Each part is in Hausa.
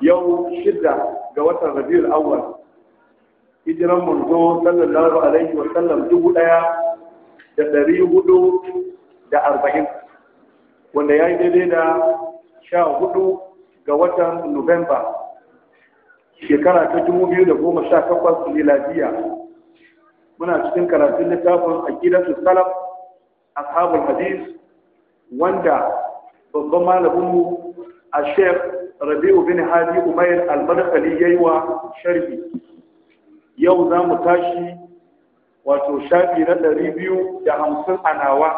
yau shidda ga watan rabiul awwal hijiran manzo sallallahu alaihi wa sallam dubu daya da dari hudu da arba'in wanda ya yi daidai da sha hudu ga watan nuwamba shekara ta dubu biyu da goma sha takwas miladiya muna cikin karatun littafin aqidatu salaf ashabul hadis wanda babban malaminmu a sheikh rabi'u bin hadi umair al-madkhali yayi wa sharhi yau za mu tashi wato shafi na ɗari biyu da hamsin a nawa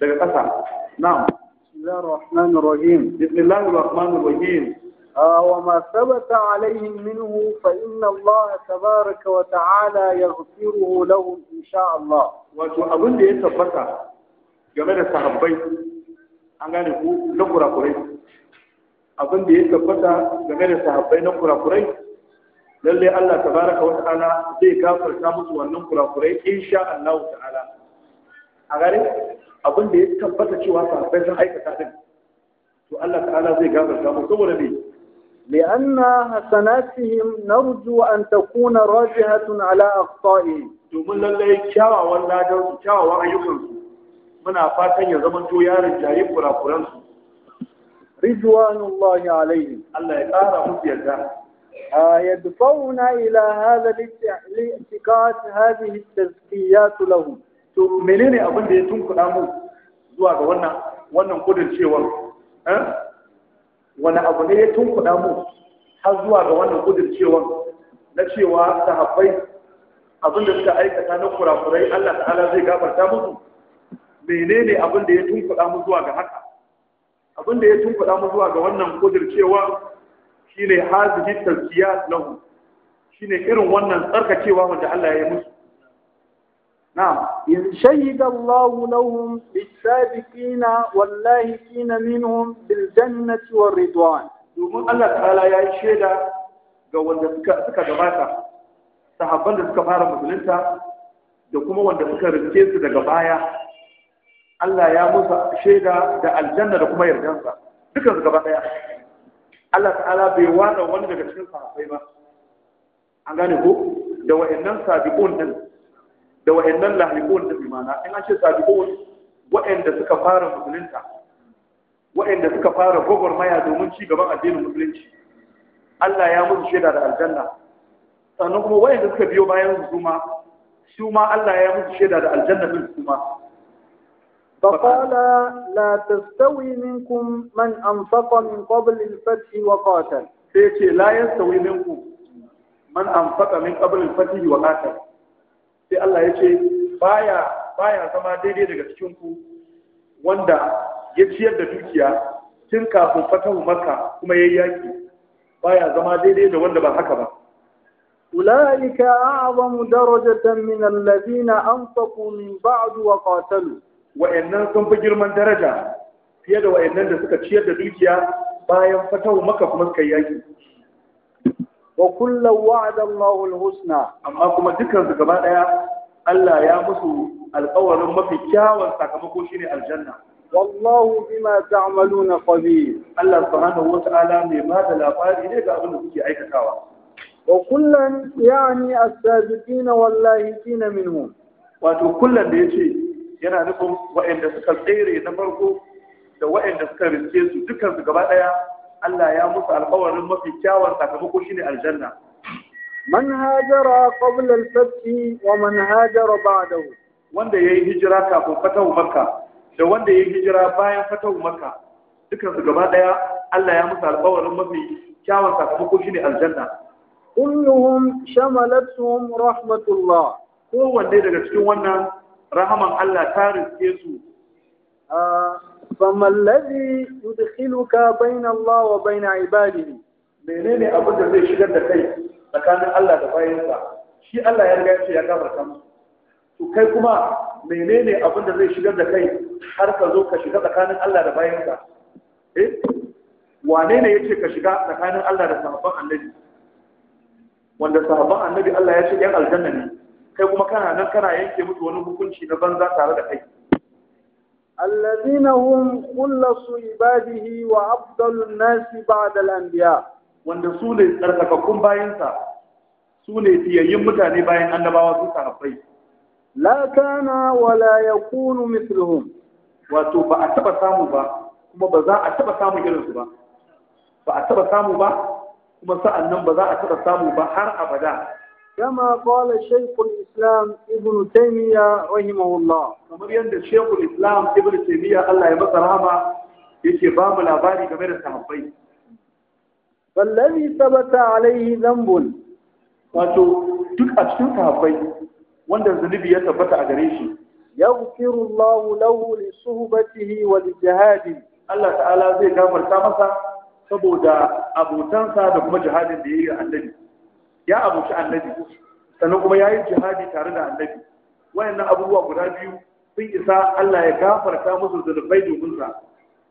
daga ƙasa na'am bismillahir rahmanir rahim bismillahir rahmanir rahim وما ثبت عليهم منه فإن الله تبارك وتعالى يغفره لهم إن شاء Allah. wato abin da ya tabbata game da sahabbai an gane ku na kura-kurai? abin da ya tabbata game da sahabbai na kurakurai lalle Allah tabaraka wa ta'ala zai gafarta musu wannan kurakurai insha Allah ta'ala a gare abin da ya tabbata cewa sahabbai sun aikata din to Allah ta'ala zai gafarta musu saboda me لأن حسناتهم نرجو أن تكون راجحة على أخطائهم domin lallai kyawawan ladansu kyawawan ayyukansu muna fatan ya zama to yarin jayi kurakuransu ridwanullahi alaihim Allah ya ƙara musu yarda يدفعون إلى هذا لاتقاد هذه التزكيات لهم to menene abin da ya tunkuɗa mu zuwa ga wannan wannan kudin cewar eh? wani abu ne ya tunkuɗa mu har zuwa ga wannan kudin cewar na cewa sahabbai abin da suka aikata na kurakurai Allah ta'ala zai gafarta musu menene abin da ya tunkuɗa mu zuwa ga haka Abin da ya tunkuɗa mu zuwa ga wannan kudircewa shine hazihi tazkiya lahu shine irin wannan tsarkakewa wanda Allah ya yi musu نعم إذ شهد الله لهم بالسابقين واللاهقين منهم بالجنة والرضوان domin Allah ta'ala ya yi shaida ga wanda suka gabata sahabban da suka fara musulunta da kuma wanda suka rike su daga baya Allah ya musa shaida da aljanna da kuma yardansa dukan su gaba daya Allah ta'ala bai wada wani daga cikin sahabbai ba an gane ko da wa'annan sabiqun din da wa'annan lahiqun din mana in an ce sabiqun wa'anda suka fara musulunta wa'anda suka fara gwagwarmaya domin ci gaban addinin musulunci Allah ya musu shaida da aljanna sannan kuma wa'anda suka biyo bayan su ma su ma Allah ya musu shaida da aljanna din su ma فقال لا تستوي منكم من أنفق من قبل الفتح وقاتل سيكي لا يستوي منكم من أنفق من قبل الفتح وقاتل sai Allah ya ce baya baya zama daidai daga cikinku wanda ya ciyar da dukiya tun kafin fatahu maka kuma yayi yaki baya zama daidai da wanda ba haka ba ulaika a'zamu darajatan min alladhina anfaqu min wa qatalu wa'annan sun fi girman daraja fiye da wa'annan da suka ciyar da dukiya bayan fatawa maka kuma suka yaki wa kullum wa'ada Allahu al-husna amma kuma dukkan su gaba daya Allah ya musu alƙawarin mafi kyawun sakamako shine aljanna wallahu bima ta'maluna qadir Allah subhanahu wata'ala mai ba da labari ne ga abin da suke aikatawa wa kullan yani as-sabiqina wallahi kina minhum wato kullan da yace yana nufin waɗanda suka tsere na farko da waɗanda suka riske su dukkan su gaba ɗaya Allah ya musu alƙawarin mafi kyawun sakamako shine aljanna man hajara qabla al-fath wa man hajara ba'dahu wanda yayi hijira kafin fatahu makka da wanda yayi hijira bayan fatahu makka su gaba ɗaya Allah ya musu alƙawarin mafi kyawun sakamako shine aljanna kulluhum shamalatuhum rahmatullah kowanne daga cikin wannan rahaman Allah ta riske su فما الذي يدخلك بين الله ibadi ne. menene abin da zai shigar da kai tsakanin Allah da bayansa shi Allah ya riga ce ya gafarta musu Su kai kuma menene abin da zai shigar da kai har ka zo ka shiga tsakanin Allah da bayansa eh wane ne ce ka shiga tsakanin Allah da sahabban annabi wanda sahabban annabi Allah ya ce yan aljanna ne kai kuma kana nan kana yanke mutu wani hukunci na banza tare da kai alladhina hum kullasu ibadihi wa afdalun nasi ba'da al-anbiya wanda su ne tsarkakakkun bayansa su ne fiyayyun mutane bayan annabawa su sahabbai la kana wa la yakunu mithluhum wato ba a taba samu ba kuma ba za a taba samu irin su ba ba a taba samu ba kuma sa'an nan ba za a taba samu ba har abada كما قال شيخ الإسلام ابن تيمية رحمه الله كما يند شيخ الإسلام ابن تيمية الله يمسر هما يشي باب الأباري كبير السحبين فالذي ثبت عليه ذنب wato duk a cikin sahabbai wanda zunubi ya tabbata a gare shi yaghfiru Allahu lahu li suhbatihi wa li jihadi Allah ta'ala zai gafarta masa saboda abotansa da kuma jihadin da yayi annabi ya abuci annabi sannan kuma ya yi jihadi tare da annabi wayannan abubuwa guda biyu sun isa Allah ya gafarta musu zunubai domin sa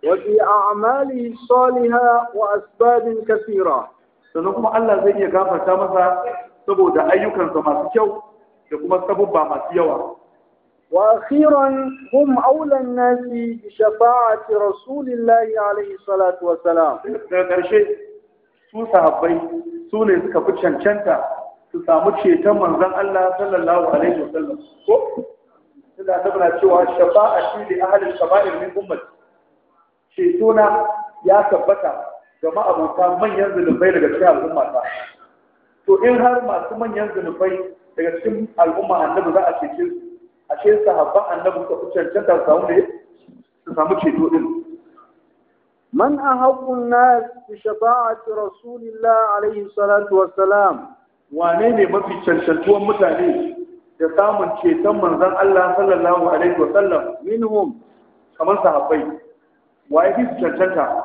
wa fi a'mali salihah wa asbabin kasira sannan kuma Allah zai iya gafarta masa saboda ayyukansa masu kyau da kuma sabubba masu yawa وأخيرا هم أولى الناس بشفاعة رسول الله Salam. الصلاة karshe. su sahabbai su ne suka fi cancanta su samu ceton manzan Allah sallallahu alaihi wasallam ko suna tabbata cewa shi li ahalin shaba'ir min umar? ceto na ya tabbata ga ma'abota manyan zunubai daga cikin al'umma ta to in har masu manyan zunubai daga cikin al'umma annabi za a ceci a ashe sahabban annabi suka fi cancanta su samu ne su samu ceto din من أحق الناس بشفاعة رسول الله عليه الصلاة والسلام وانيني ما في شلشلتوا متعليم يقام شيطان من ذا الله صلى الله عليه وسلم منهم كما صحابي وأيدي شلشلتا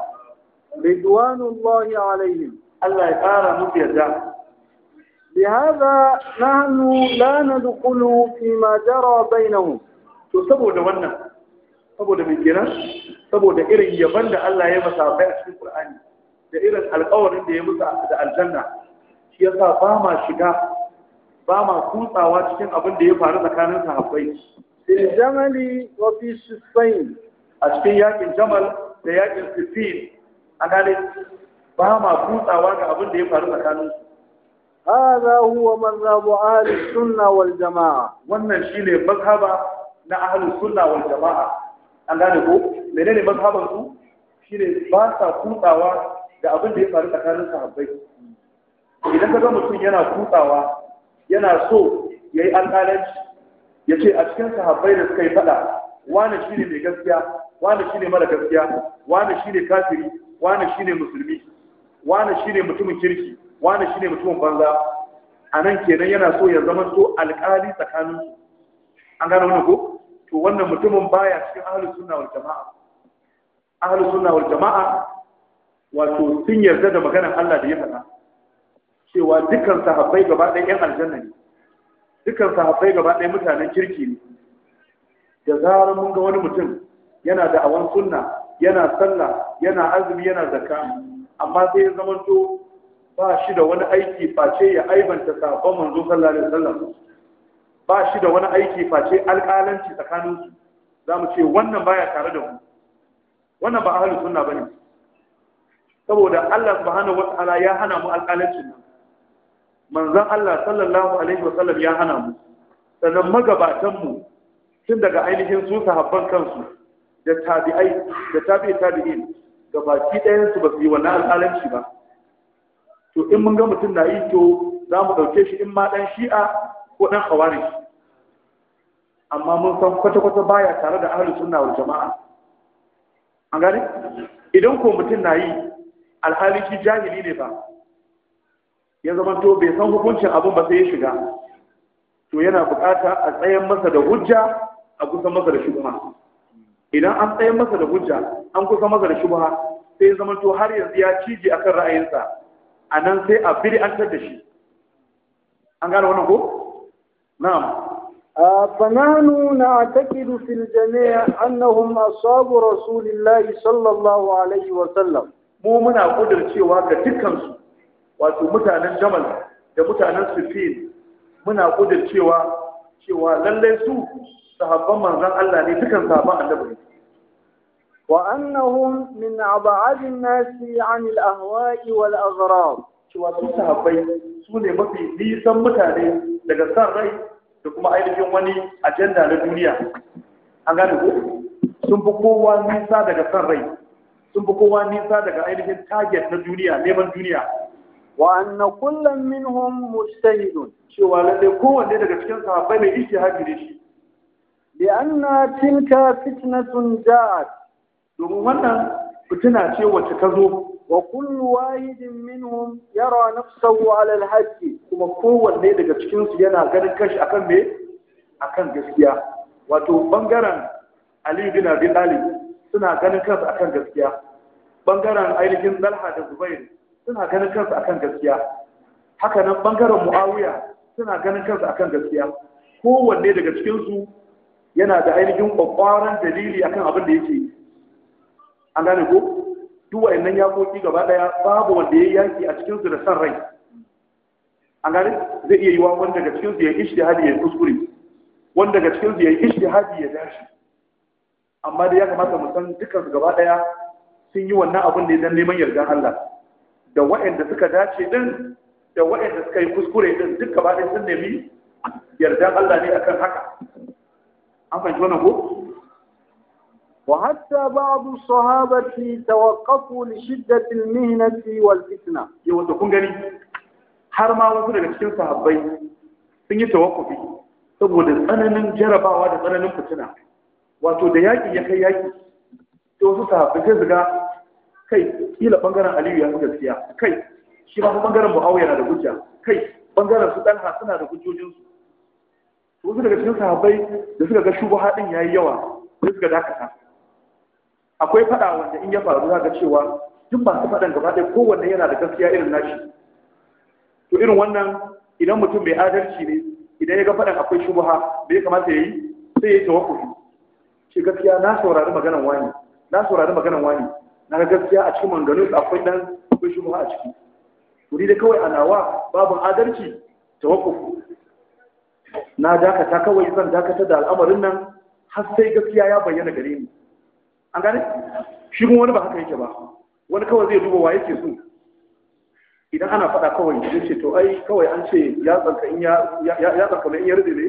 رضوان الله عليهم الله يقارى مبيدا لهذا نحن لا ندخل فيما جرى بينهم تصبوا دوانا تصبوا دوانا saboda irin yaban da Allah ya masa bai a cikin Qur'ani da irin alƙawarin da ya musa da aljanna shi yasa ba ma shiga ba ma kutsawa cikin abin da ya faru tsakanin sahabbai fil jamali wa fi sifain a cikin yakin jamal da yakin sifin a gane ba ma kutsawa ga abin da ya faru tsakanin su huwa ahli sunna wal jamaa wannan shine mazhaba na ahli sunna wal jamaa an gane ko menene mazhaban su shine ba sa kutsawa da abin da ya faru tsakanin sahabbai idan ka ga mutum yana kutsawa yana so yayi alƙalanci ya ce a cikin sahabbai da suka yi faɗa wani shine mai gaskiya wani shine mara gaskiya wani shine kafiri wani shine musulmi wani shine mutumin kirki wani shine mutumin banza a nan kenan yana so ya zama so alƙali tsakanin an gane wannan ko to wannan mutumin baya cikin ahlus sunna wal jama'a ahlus sunna wal jama'a wato sun yarda da maganar Allah da ya faɗa cewa dukkan sahabbai gaba ɗaya yan aljanna ne dukkan sahabbai gaba ɗaya mutanen kirki ne da zarar mun ga wani mutum yana da awan sunna yana sallah yana azumi yana zakka amma sai ya zamanto ba shi da wani aiki face ya aibanta sahabban manzo sallallahu alaihi wasallam ba shi da wani aiki face alƙalanci tsakaninsu za mu ce wannan baya tare da mu wannan ba a halittu suna ba ne saboda Allah subhanahu wa ala ya hana mu alƙalancin nan manzan Allah sallallahu alaihi wasallam ya hana mu sannan magabatanmu mu tun daga ainihin su sahabban kansu da tabi'ai da tabi'ai tabi'in gabaki ɗayansu ba su yi wannan alƙalanci ba to in mun ga mutum na yi to za mu ɗauke shi in ma ɗan shi'a ko ɗan hawari amma mun san kwata-kwata baya tare da ahalin sunna wal jama'a an gane idan ko mutum na yi alhali shi jahili ne ba ya zama to bai san hukuncin abin ba sai ya shiga to yana bukata a tsayan masa da hujja a kusa masa da shubha idan an tsayan masa da hujja an kusa masa da shubha sai ya zama to har yanzu ya cije akan ra'ayinsa a nan sai a bid'antar da shi an gane wannan ko نعم فنحن نعتقد في الجميع أنهم أصحاب رسول الله صلى الله عليه وسلم mu muna kudircewa ga dukkansu wato mutanen jamal da mutanen sufin muna kudircewa cewa lallai su sahabban manzon Allah ne dukkan sahabban annabi wa annahum min ab'adin nasi an al-ahwa'i wal aghrab cewa su sahabbai su ne mafi nisan mutane daga san rai da kuma ainihin wani ajanda na duniya an gane ko sun fi kowa nisa daga san rai sun fi kowa nisa daga ainihin target na duniya neman duniya wa anna kullum minhum mustahidun cewa lalle kowanne daga cikin sahabbai mai ijtihadi ne shi li anna tilka fitnatun ja'at domin wannan fitina ce wacce ka zo وكل واحد منهم يرى نفسه على الحق كما kowanne daga cikin su yana ganin kashi akan me akan gaskiya wato bangaren Ali bin Abi Talib suna ganin kansu akan gaskiya bangaren ainihin Talha da Zubair suna ganin kansu akan gaskiya haka nan bangaren Muawiya suna ganin kansu akan gaskiya kowanne daga cikin su yana da ainihin kwakwaran dalili akan abin da yake an gane ko duk wayannan yaƙoƙi gaba ɗaya babu wanda ya yanki a cikinsu da san rai an gane zai iya yi wa wanda daga cikinsu ya yi ishtihadi ya kuskure wanda daga cikinsu ya yi ishtihadi ya dashi amma dai ya kamata mu san dukkan gaba ɗaya sun yi wannan abin ne don neman yardan Allah da wa'anda suka dace din da wa'anda suka yi kuskure din duk gaba ɗaya sun nemi yardan Allah ne akan haka an fahimci wannan ko وحتى بعض الصحابة توقفوا لشدة المهنة والفتنة يوم تكون غني har ma wasu daga cikin sahabbai sun yi tawakkufi saboda tsananin jarabawa da tsananin fitina wato da yaƙi ya kai yaƙi to wasu sahabbai sai su ga kai kila bangaren Aliyu ya fi gaskiya kai shi ma bangaren Muawiya na da hujja kai bangaren su Talha suna da hujjojinsu wasu daga cikin sahabbai da suka ga shubuha din yayi yawa sai suka dakata akwai fada wanda in ya faru za ga cewa duk masu fadan gaba ɗaya kowanne yana da gaskiya irin nashi to irin wannan idan mutum mai adalci ne idan ya ga fadan akwai shubuha bai kamata ya yi sai ya yi tawakkufi shi gaskiya na saurari maganan wani na saurari maganan wani na ga gaskiya a cikin manganun akwai dan akwai shubuha a ciki to ni da kawai a nawa babu adalci tawakkufi na dakata kawai zan dakata da al'amarin nan har sai gaskiya ya bayyana gare ni an gane shi kuma wani ba haka yake ba wani kawai zai duba wa yake su idan ana faɗa kawai zai ce to ai kawai an ce ya tsarka in ya ya tsanka in ya rube ne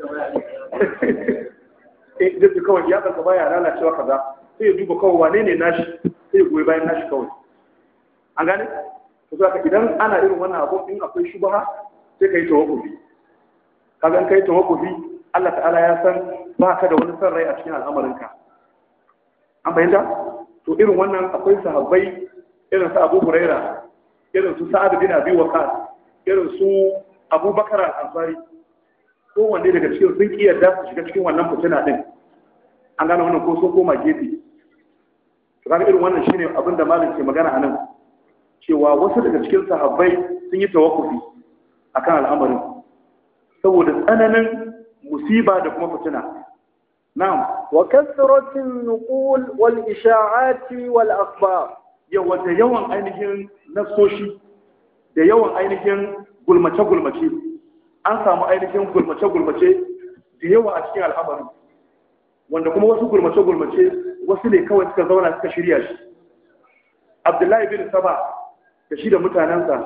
eh duk kawai ya tsarka baya lalacewa kaza sai ya duba kawai wane ne nashi sai ya goyi bayan nashi kawai an gane to saka idan ana irin wannan abu in akwai shubaha sai kai tawakkufi kaga in kai tawakkufi Allah ta'ala ya san ba ka da wani son rai a cikin al'amarinka an fahimta to irin wannan akwai sahabbai irin su abu huraira irin su sa'ad bin abi Waqqas irin su abubakar al-ansari wanda daga cikin sun kiyar yarda su shiga cikin wannan fitina din an gano wannan ko sun koma gefe to kaga irin wannan shine abin da malam ke magana anan cewa wasu daga cikin sahabbai sun yi tawakkufi akan al'amarin saboda tsananin musiba da kuma fitina نعم وكثرة النقول والإشاعات والأخبار يو ديوان أينهن نفسوشي yawan ainihin gulmace gulmace an samu ainihin gulmace gulmace da yawa a cikin al'amarin wanda kuma wasu gulmace gulmace wasu ne kawai suka zauna suka shirya shi abdullahi bin saba da shi da mutanensa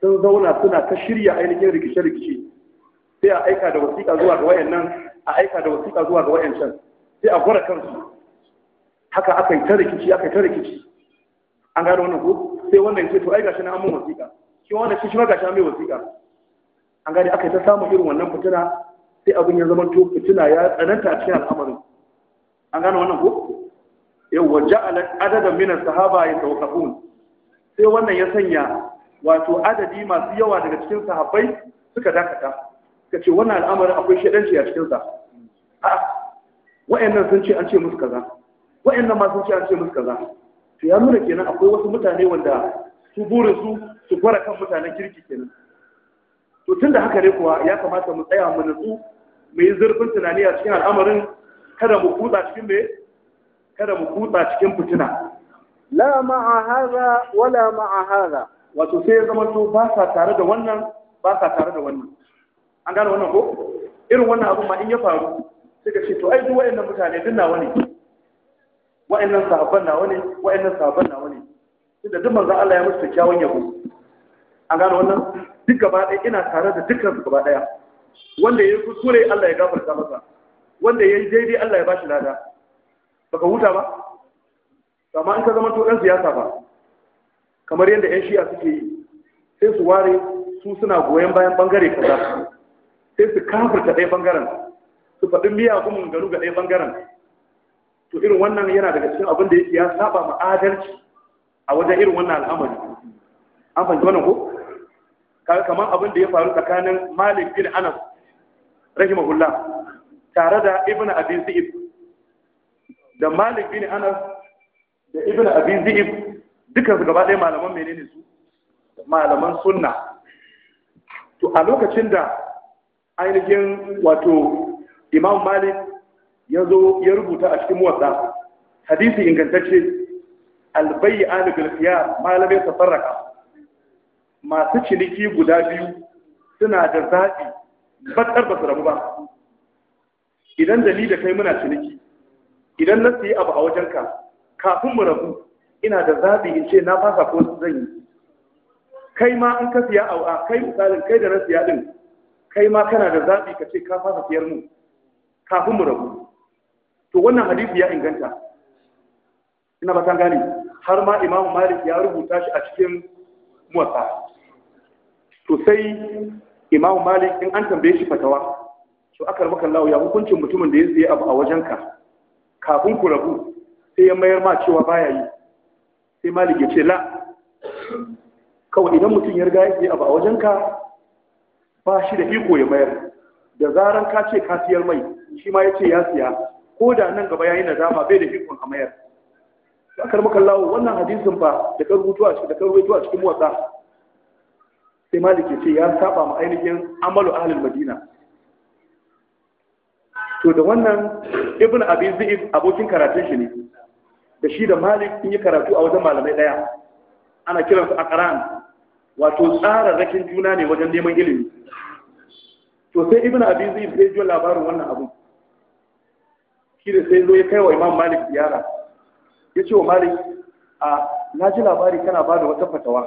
sun zauna suna ta shirya ainihin rikice rikice sai a aika da wasiƙa zuwa ga wayannan a aika da wasiƙa zuwa ga wayancan sai a gwara kansu haka aka yi ta rikici aka yi ta rikici an gano wannan ko sai wannan ce to ai gashi na amin wasiƙa shi wannan shi shi gashi mai wasiƙa an gane aka yi ta samun irin wannan fitina sai abin ya zama to fitina ya tsananta a cikin al'amarin an gano wannan ko yawwa ja'ala adadan min as-sahaba yatawaqqafun sai wannan ya sanya wato adadi masu yawa daga cikin sahabbai suka dakata ka ce wannan al'amarin akwai shaɗanci a cikinsa a wa'annan sun ce an ce musu kaza wa'annan ma sun ce an ce musu kaza to ya nuna kenan akwai wasu mutane wanda su burin su su gwara kan mutanen kirki kenan to tun da haka ne kuwa ya kamata mu tsaya mu nutsu mu yi zurfin tunani a cikin al'amarin kada mu kutsa cikin me kada mu kutsa cikin fitina la ma'a hada wala ma'a hada wato sai ya zama to ba sa tare da wannan ba sa tare da wannan an gano wannan ko irin wannan abu ma in ya faru sai ka ce to ai duk wayannan mutane duk nawa ne wayannan sahabban nawa ne wayannan sahabban nawa ne tunda duk manzon Allah ya musu kyakkyawan yabo an gano wannan duk gaba ɗaya ina tare da dukkan gaba ɗaya wanda ya yi kuskure Allah ya gafarta masa wanda ya yi daidai Allah ya bashi lada baka huta ba amma in ka zama to ɗan siyasa ba kamar yadda 'yan shi'a suke yi sai su ware su suna goyon bayan bangare kaza sai su kafirta ɗaya ɓangaren su faɗi miyagun munganu ga ɗaya ɓangaren to irin wannan yana daga cikin abin da yake ya saba ma adalci a wajen irin wannan al'amari an fahimci wannan ko kaga kamar abin da ya faru tsakanin Malik bin Anas rahimahullah tare da Ibn Abi Zi'ib da Malik bin Anas da Ibn Abi Zi'ib dukkan su gaba ɗaya malaman menene su malaman sunna to a lokacin da ainihin wato imam malik ya zo ya rubuta a cikin wasa, hadisi ingantacce albayi an bilkiya malamai safarraka masu ciniki guda biyu suna da zaɓi batsar ba su rabu ba idan da ni da kai muna ciniki idan na yi abu a wajenka kafin mu rabu ina da zaɓi in ce na fasa ko zan yi kai ma an ka siya a kai misalin kai da na siya din kai ma kana da zaɓi ka ce ka fasa siyar mu kafin mu rabu to wannan hadisi ya inganta ina ba ta gane har ma imamu malik ya rubuta shi a cikin muwasa to sai imamu malik in an tambaye shi fatawa to aka rubuta lawo ya hukuncin mutumin da ya tsaye abu a wajenka kafin ku rabu sai ya mayar ma cewa baya yi sai malik ya ce la kawai idan mutum ya riga ya tsaye abu a wajenka ba shi da iko ya mayar da zaran ka ce ka siyar mai shi ma ya ce ya siya ko da nan gaba ya yi nadama bai da iko a mayar akar maka lawo wannan hadisin ba da rutu a cikin da rutu a cikin motsa sai malik ya ce ya saba mu ainihin amalu ahlul madina to da wannan ibn abi zaid abokin karatun shi ne da shi da malik sun yi karatu a wajen malamai daya ana kiransu aqran wato tsara rakin juna ne wajen neman ilimi to sai ibn abi zai sai jiyo labarin wannan abu shi da sai zo ya kai wa imam malik ziyara ya ce wa malik a na ji labari kana ba da wata fatawa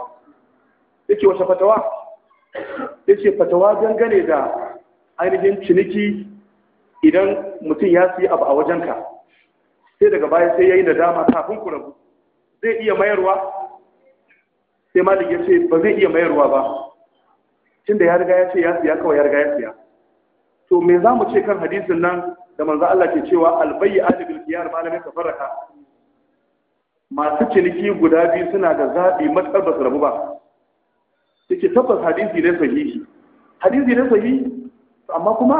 ya ce wata fatawa ya ce fatawa dangane da ainihin ciniki idan mutum ya siya abu a wajenka sai daga baya sai ya yi da dama kafin ku rabu zai iya mayarwa sai malik ya ce ba zai iya mayarwa ba tunda ya riga ya ce ya siya kawai ya riga ya siya to me za mu ce kan hadisin nan da manzo Allah ke cewa albayyi ajibul qiyar malamin tafarraka masu ciniki guda biyu suna da zabi matsar ba su rabu ba yake tabbas hadisi ne sahihi hadisi ne sahihi amma kuma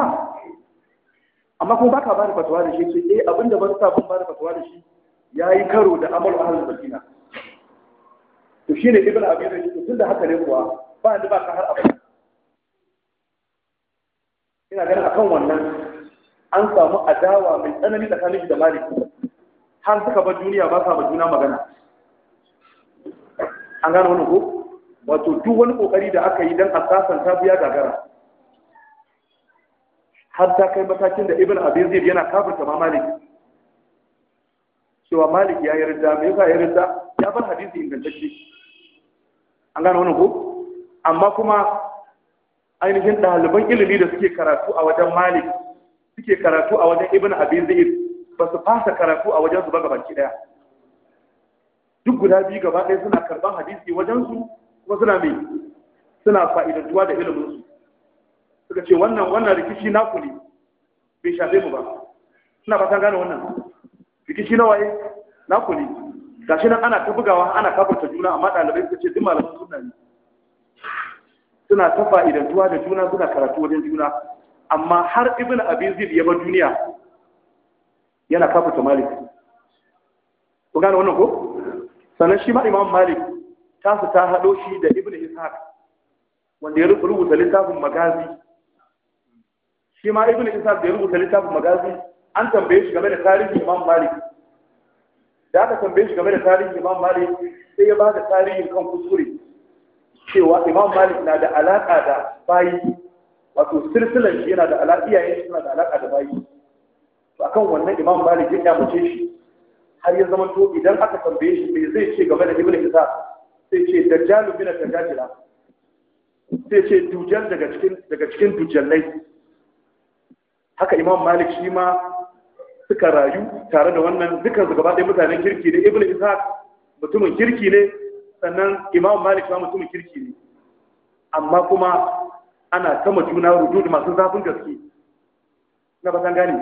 amma kuma baka bada fatawa da shi ce eh abinda ban sa ban bada fatawa da shi yayi karo da amal ahlul madina to shine ibnu abi shi tunda haka ne kuwa ba ni ba ka har abada ina ganin akan wannan an samu adawa mai tsanani tsakanin shi da malik har suka bar duniya ba sa ma juna magana an gano wani ko wato duk wani kokari da aka yi dan a sasanta biya gagara har ta kai matakin da ibn abin zai yana kafirta ma malik cewa malik ya yi ridda me yasa ya ridda ya bar hadisi ingantacce an gano wani ko amma kuma ainihin ɗaliban ilimi da suke karatu a wajen malik suke karatu a wajen ibn abin zai ba su fasa karatu a wajen su ba gabaki ɗaya duk guda biyu gaba ɗaya suna karɓar hadisi wajen su kuma suna mai suna fa'idantuwa da ilimin su suka ce wannan wannan rikici naku ne bai shafe mu ba suna fatan gane wannan rikici na waye naku ne gashi nan ana ta bugawa ana kafarta juna amma ɗalibai suka ce duk malamin suna ne suna ta fa'idantuwa da juna suna karatu wajen juna amma har ibn abin zid ya bar duniya yana kafuta malik ku gane wannan ko sannan shi ma imam malik su ta haɗo shi da ibn ishaq wanda ya rubuta littafin magazi shi ma ibn ishaq da ya rubuta littafin magazi an tambaye shi game da tarihin imam malik da aka tambaye shi game da tarihin imam malik sai ya ba da tarihin kan kuskure cewa imam malik na da alaka da bayi wato silsilan shi yana da alaka iyayen suna da alaka da bayi to akan wannan imam malik ya kyamace shi har ya zama to idan aka tambaye shi me zai ce game da ibnu isa sai ce dajjalu bin dajjalila sai ce dujjal daga cikin daga cikin dujallai haka imam malik shi ma suka rayu tare da wannan dukkan su gaba ɗaya mutanen kirki ne ibnu isa mutumin kirki ne sannan imam malik ba mutumin kirki ne amma kuma ana kama juna da masu zafin gaske na ba san gane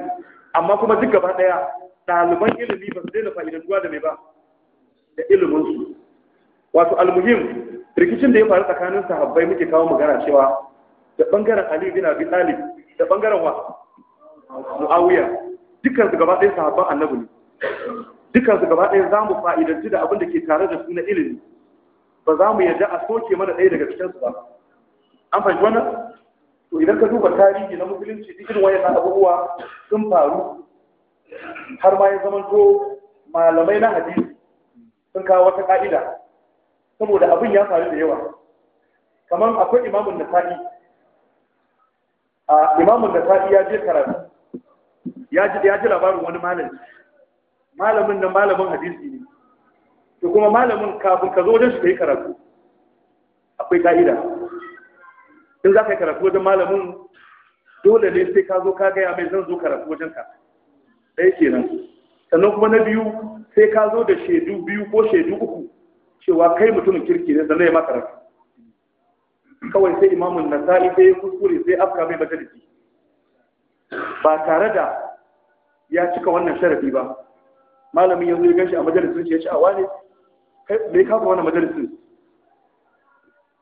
amma kuma duk gaba daya ɗaliban ilimi ba su daina fa'idantuwa da mai ba da ilimin su wato almuhim rikicin da ya faru tsakanin sahabbai muke kawo magana cewa da bangaren ali bin abi talib da bangaren wa muawiya dukkan su gaba ɗaya sahabban annabi ne dukkan su gaba ɗaya zamu fa'idanci da abin da ke tare da su na ilimi ba za mu yarda a soke mana ɗaya daga cikinsu ba an fahimci wannan to idan ka duba tarihi na musulunci duk irin wayannan abubuwa sun faru har ma ya to malamai na hadisi sun kawo wata ka'ida saboda abin ya faru da yawa kamar akwai imamun nasa'i a imamun nasa'i ya je karatu ya ji labarin wani malami malamin nan malamin hadisi ne ko kuma malamin kafin ka zo wajen shi kai karatu akwai ka'ida in za ka yi karatu wajen malamin dole ne sai ka zo ka gaya mai zan zo karatu wajen ka ɗaya kenan sannan kuma na biyu sai ka zo da shaidu biyu ko shaidu uku cewa kai mutumin kirki ne sannan ya ma karatu kawai sai imamun nasa'i sai ya kuskure sai afka mai majalisi ba tare da ya cika wannan sharafi ba malamin yanzu ya ganshi a majalisun shi ya ce a wane Eh, me ka zo wannan majalisin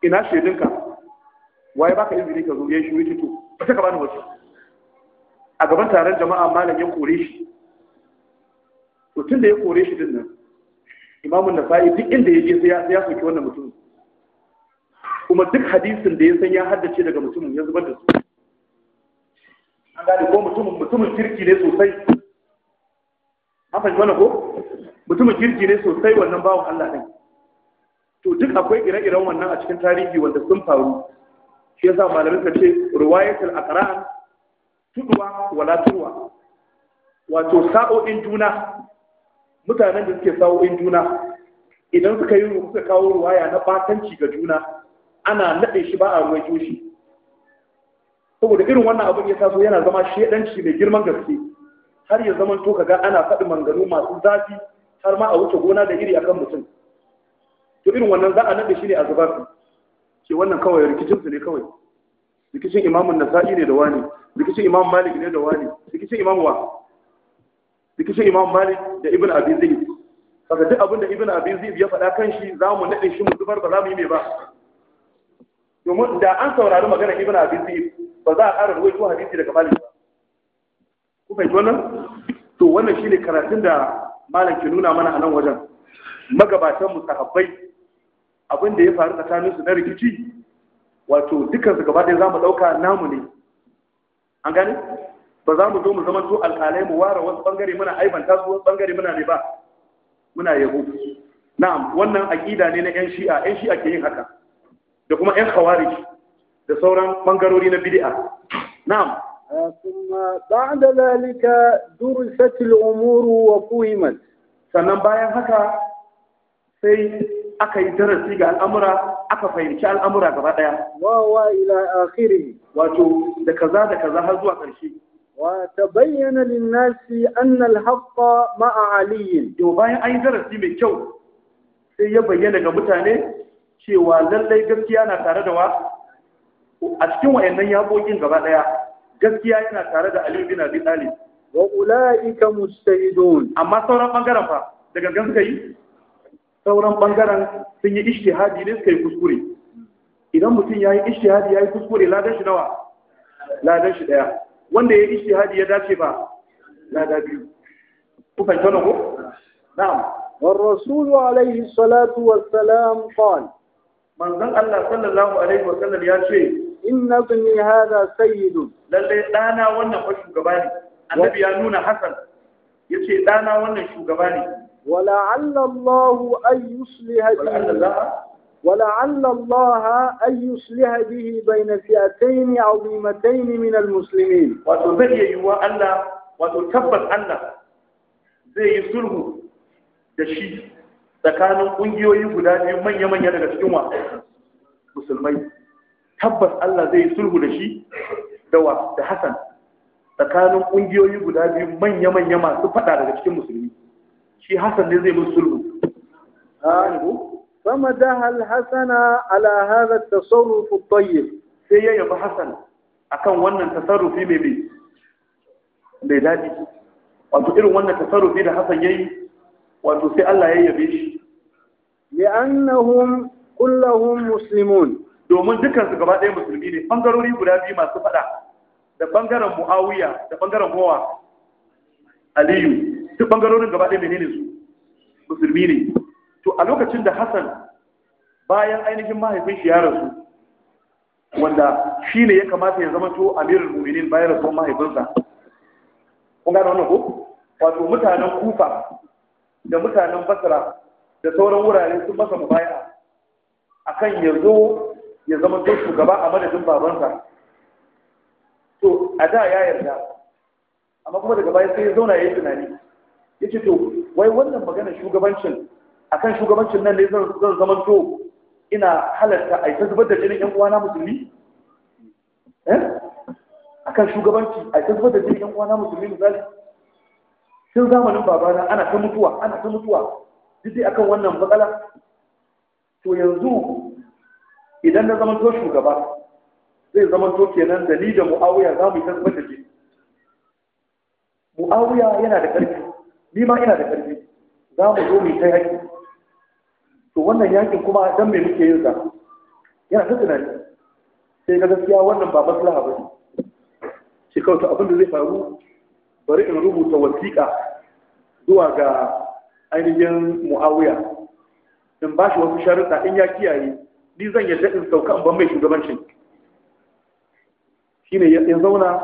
ina shaidinka waye baka izini ka zo ya shi wuce to ba ta ka bani waje a gaban taron jama'a malam ya kore shi to tun da ya kore shi din nan imamun nasa'i duk inda ya je sai ya soki wannan mutum kuma duk hadisin da ya san ya haddace daga mutumin ya zubar da su an gane ko mutumin mutumin kirki ne sosai an fahimci wannan ko mutumin kirki ne sosai wannan bawan Allah ɗin to duk akwai ire-iren wannan a cikin tarihi wanda sun faru shi yasa malamin ka ce a aqran tudwa wala turwa wato sa'o'in juna mutanen da suke sa'o'in juna idan suka yi suka kawo ruwaya na batanci ga juna ana naɗe shi ba a ruwa shi saboda irin wannan abin ya taso yana zama shedanci mai girman gaske har ya zaman to kaga ana faɗi manganu masu zafi har ma a wuce gona da iri akan mutum to irin wannan za a naɗe shi ne a zubar Ke wannan kawai rikicinsu ne kawai rikicin imamun nasa'i ne da wani rikicin imam malik ne da wani rikicin imam wa rikicin imam malik da ibn abi zaid kaga duk abin da ibn abi zaid ya faɗa kan shi za mu nade shi mu zubar ba za mu yi mai ba domin da an saurari maganar ibn abi zaid ba za a ƙara ruwaito hadisi daga malik ba ku fahimci wannan to wannan shine karatun da malam ki nuna mana a nan wajen magabatan mu sahabbai abin da ya faru tsakanin su na rikici wato dukkan su gaba ɗaya za mu ɗauka namu ne an gane ba za mu zo mu zama to alƙalai mu ware wasu ɓangare muna aibanta su wasu ɓangare muna ne ba muna yabo na'am wannan aƙida ne na 'yan shi'a 'yan shi'a ke yin haka da kuma 'yan khawarij da sauran ɓangarori na bid'a na'am ثم بعد ذلك درست الأمور وفهمت sannan bayan haka sai aka yi darasi ga al'amura aka fahimci al'amura gaba ɗaya wawa ila akhiri wato da kaza da kaza har zuwa ƙarshe wa tabayyana lin-nasi anna al-haqqa ma'a aliyin to bayan an yi darasi mai kyau sai ya bayyana ga mutane cewa lallai gaskiya na tare da wa a cikin wayannan yabokin gaba ɗaya gaskiya yana tare da Ali bin Abi Talib wa ulaika mustahidun amma sauran bangaren fa daga gangan suka yi sauran bangaren sun yi ishtihadi ne suka yi kuskure idan mutum ya yi ishtihadi ya yi kuskure ladan shi nawa ladan shi daya wanda ya yi ishtihadi ya dace ba lada biyu ku fahimta wannan ko na'am والرسول عليه الصلاة Salatu قال من Manzon Allah Sallallahu alaihi عليه ya ce. inna bani hada sayyidun lalle dana wannan fa shugaba ne annabi ya nuna hasan yace dana wannan shugaba ne ولعل الله أن يصلح به ولعل الله أن يصلح به بين فئتين عظيمتين من المسلمين وتبقي يوا الله وتثبت الله zai yi sulhu da shi tsakanin ƙungiyoyi guda biyu manya-manya daga cikin wa musulmai tabbas Allah zai yi sulhu da shi da da Hassan tsakanin ƙungiyoyi guda biyu manya-manya masu faɗa daga cikin musulmi shi Hassan ne zai musu sulhu fama da hasana ala hada tasarruf tayyib sai ya yaba Hassan akan wannan tasarrufi mai mai mai daɗi wato irin wannan tasarrufi da Hassan yayi wato sai Allah ya yabe shi li'annahum kullahum muslimun domin dukkan su gaba ɗaya musulmi ne bangarori guda biyu masu fada da bangaren muawiya da bangaren mowa. aliyu duk bangarorin gaba ɗaya menene su musulmi ne to a lokacin da hassan bayan ainihin mahaifin shi ya rasu wanda shi ne ya kamata ya zama to amirul mu'minin bayan rasuwar mahaifinsa kun gane wannan ko wato mutanen kufa da mutanen basra da sauran wurare sun masa mubaya akan ya zo ya zama to shugaba a madadin babansa to a da ya yarda amma kuma daga baya sai ya zauna ya yi tunani ya ce to wai wannan maganar shugabancin akan shugabancin nan ne zan zama to ina halarta a yi ta zubar da jinin yan uwana musulmi eh akan shugabanci a yi ta zubar da jinin yan uwana musulmi misali Sun zamanin babana ana ta mutuwa ana ta mutuwa duk dai akan wannan matsala to yanzu idan na zama to shugaba zai zama to kenan da ni da mu'awiya za mu yi tasbar da jini mu'awiya yana da ƙarfi ni ma ina da ƙarfi za mu zo mu yi ta yaƙi to wannan yaƙin kuma dan me muke yin sa yana ta tunani sai ga gaskiya wannan ba maslaha ba ne shi kawai abin da zai faru bari in rubuta wasiƙa zuwa ga ainihin mu'awiya in ba shi wasu sharuɗa in ya kiyaye ni zan yadda in sauka in ban mai shugabancin Shi ne ya zauna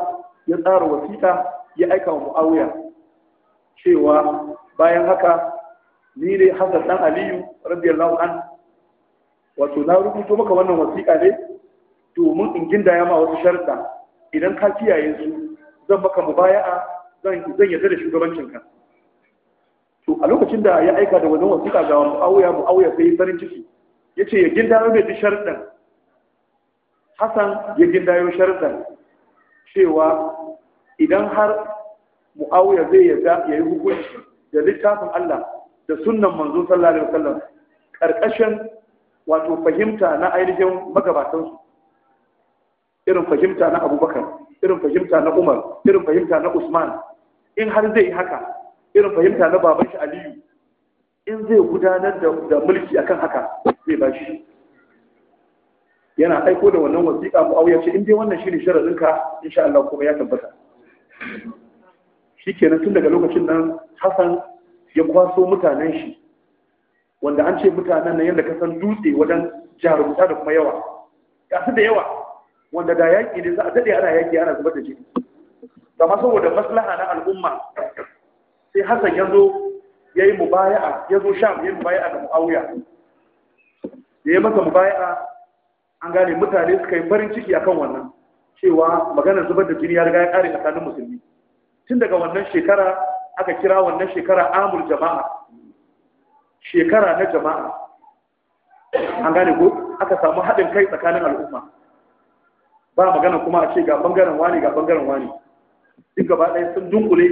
ya tsara wasiƙa ya aika wa mu'awiya cewa bayan haka ni ne hasan dan aliyu rabbiyar la'u'an wato na rubuto maka wannan wasiƙa ne domin in ya ma wasu sharɗa idan ka kiyaye su zan maka mubaya'a zan zan yadda da shugabancinka a lokacin da ya aika da wannan wasiƙa ga mu'awiya mu'awiya sai farin ciki ya ce ya gindayo da sharuɗin hassan ya gindayo sharuɗin cewa idan har mu'awiya zai ya yi hukunci da littafin Allah da sunan manzo sallar da wasallam ƙarƙashin wato fahimta na ainihin magabatansu irin fahimta na abubakar irin fahimta na umar irin fahimta na usman in har zai yi haka irin fahimta na Babanshi aliyu in zai gudanar da mulki akan haka zai ba shi yana aiko da wannan wasiƙa mu'awiya ce in dai wannan shine in insha Allah kuma ya tabbata shikenan tun daga lokacin nan Hassan ya kwaso mutanen shi wanda an ce mutanen nan yadda ka san dutse wajen jarumta da kuma yawa ya su da yawa wanda da yaƙi ne za a daɗe ana yaƙi ana zubar da jini amma saboda maslaha na al'umma sai Hassan ya zo yayi mubaya'a yazo sham yayi mubaya'a ga muawiya da ya masa mubaya'a an gane mutane suka yi farin ciki akan wannan cewa maganar zubar da jini ya riga ya kare tsakanin musulmi tun daga wannan shekara aka kira wannan shekara amul jama'a shekara na jama'a an gane ko aka samu haɗin kai tsakanin al'umma ba magana kuma a ce ga bangaren wani ga bangaren wani duk gaba ɗaya sun dunkule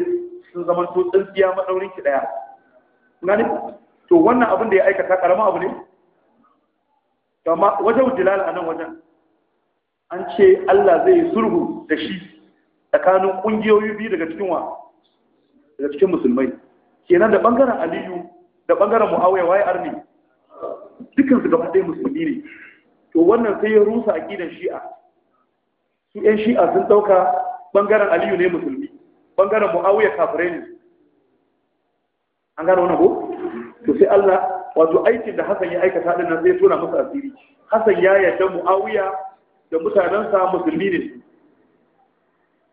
sun zama to tsintsiya maɗaurin ki ɗaya gani to wannan abin da ya aikata karama abu ne to amma wajen dilal a nan wajen an ce Allah zai sulhu da shi tsakanin kungiyoyi biyu daga cikin wa daga cikin musulmai kenan da bangaren Aliyu da bangaren Muawiya waye arni dukkan su gaba ɗaya musulmi ne to wannan sai ya rusa aqidan Shi'a su ƴan Shi'a sun ɗauka bangaren Aliyu ne musulmi bangaren Muawiya kafirai ne an gano wannan ko to sai Allah wato aikin da Hassan ya aikata din nan sai tona masa asiri Hassan ya yarda Muawiya da mutanensa musulmi ne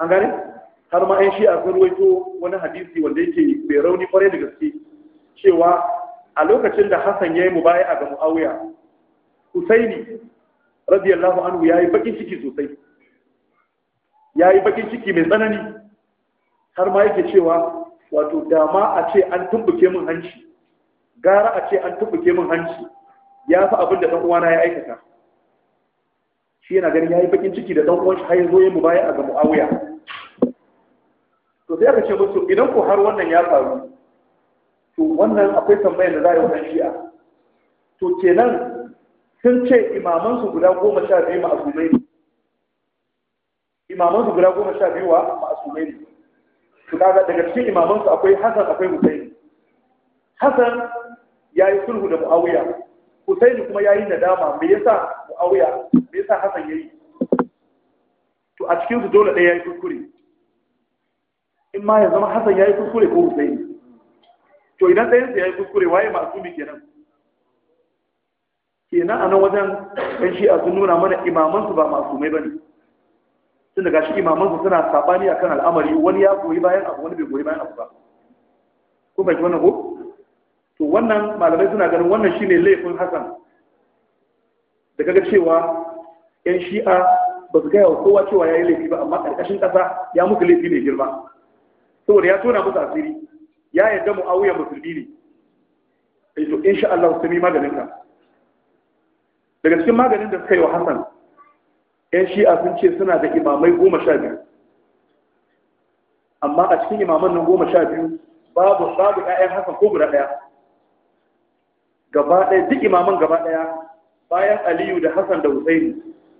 an gane har ma shi a sun to wani hadisi wanda yake bai rauni kwarai da gaske cewa a lokacin da Hassan ya yi mubaya'a ga Muawiya Husaini radiyallahu anhu ya yi bakin ciki sosai ya yi bakin ciki mai tsanani har ma yake cewa wato dama a ce an tumbuke min hanci gara a ce an tumbuke min hanci ya fi abin da uwana ya aikata shi yana ganin ya yi bakin ciki da ɗan shi har zoye mu baya a ga mu'awuya to sai aka ce musu idan ko har wannan ya faru to wannan akwai tambayar da za a yi wannan shi'a to kenan sun ce imamansu guda goma sha biyu ma'asumai ne imamansu guda goma sha biyu wa ma'asumai ne kaga daga cikin imamansu akwai Hassan akwai Husaini Hassan yi sulhu da Muawiya Husaini kuma ya yi nadama me yasa Muawiya me yasa Hassan yayi to a cikin su dole ɗaya yi kuskure in ma ya zama Hassan yi kuskure ko Husaini to idan ɗayan su ya yi kuskure waye masumi kenan kenan a nan wajen ɗan shi'a sun nuna mana imamansu ba masumai ne. tun ga shi imamansu suna sabani kan al'amari wani ya goyi bayan abu wani bai goyi bayan abu ba ko bai wannan ko to wannan malamai suna ganin wannan shi ne laifin hasan da kaga cewa yan shi'a ba su gaya wa kowa cewa ya yi laifi ba amma ƙarƙashin ƙasa ya muka laifi mai girma saboda ya tona musu asiri ya yadda mu'awiyar musulmi ne eh to insha Allah su maganinka daga cikin maganin da suka yi wa Hassan yan shi'a sun ce suna da imamai goma sha biyu amma a cikin imaman nan goma sha biyu babu babu ƴaƴan hasan ko guda ɗaya gaba ɗaya duk imaman gaba ɗaya bayan aliyu da hasan da husaini